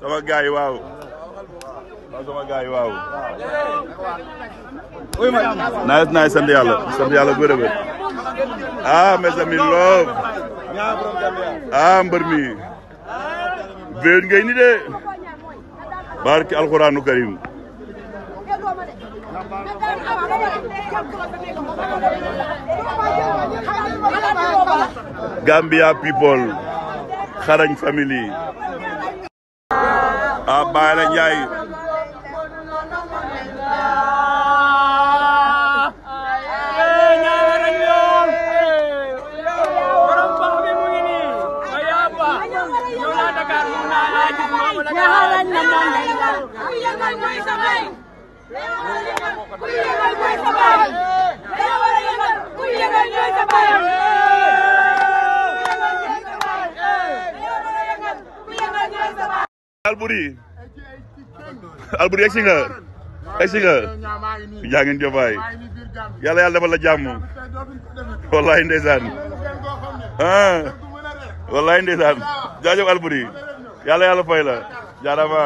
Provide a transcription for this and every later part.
sama gars yi waaw sama gars yi waaw nice nice sant yàlla sant yàlla bu wér ah mes amis love ah mbër mi béyoon ngay ni de barki alxuraanu karim a ah, Baye la Ndiaye Kuy yëngal ñooy sa baay Alboury Alboury egsi nga egsi nga jaa ngeen jëfaay yàlla yàlla la jàmm wallaay ndeysaan ah wallaay ndeysaan jaajëf Alboury yàlla yàlla fay la jaarama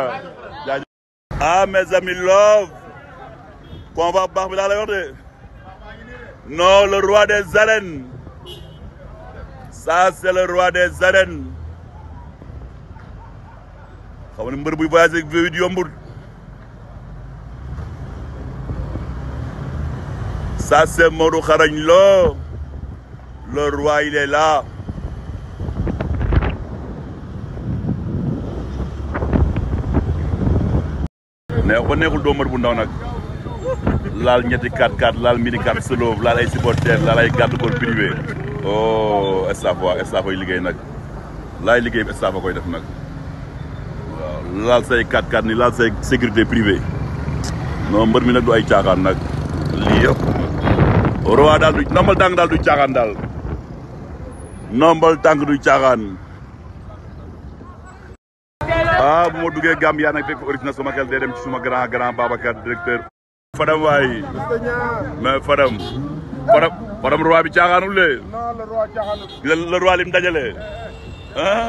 jaajëf ah mes amis love combat bu baax bi daa lay wax de non le roi des arènes ça c'est le roi des arènes xam nga mbër buy voyagé ak V8 yombul ça c'est Modou Xarañ Lo le roi il est là neexul doo mbër bu ndaw nag laal ñetti 4-4 laal mini 4 solo laal ay supporter laal ay garde corps privé oh estaf waa estaf ay liggéey nag laay liggéey bi estaf koy def nag waaw laal say 4x4 ni laal say sécurité privée non mi nag du ay caaxaan nag lii yëpp roi daal du ndombal tànk daal du caaxaan daal ndombal tànk du caaxaan ah bu ma duggee Gambia nag fekk na sama xel day dem ci suma grand grand Babacar directeur Fadam waay mais Fadam Fadam Fadam roi bi caaxaanul le le roi lim dajale eh, eh. ah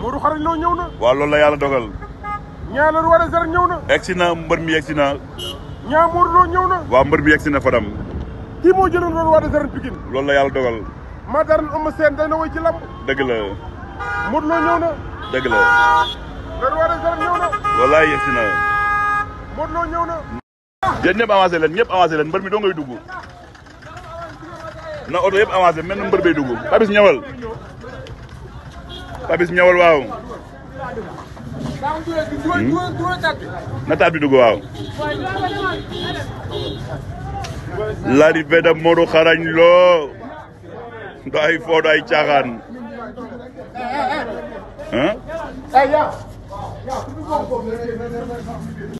Modou Xarañ loo ñëw na. waaw loolu la yàlla dogal. ñaa war a zar ñëw na. egg si na mbër mi egg si na. ñaar Modou Lo ñëw na. mbër mi egg si na Fadam. kii moo jëloon loolu war a zar Pikine. loolu la yàlla dogal. Matar Eumeu Sène day na woy ci lamb. dëgg la. Modou Lo ñëw na. dëgg la. loolu war a ñëw na. wallaay egg si na. mbër mi doo ngay dugg. na oto yëpp avancé mel na mbër bay dugg. Babis ñëwal. Papis ñëwal waaw. Hmm? na taat bi dugg waaw. l'arrivée de Modou Xarañ Lo du ay foo du ay caaxaan.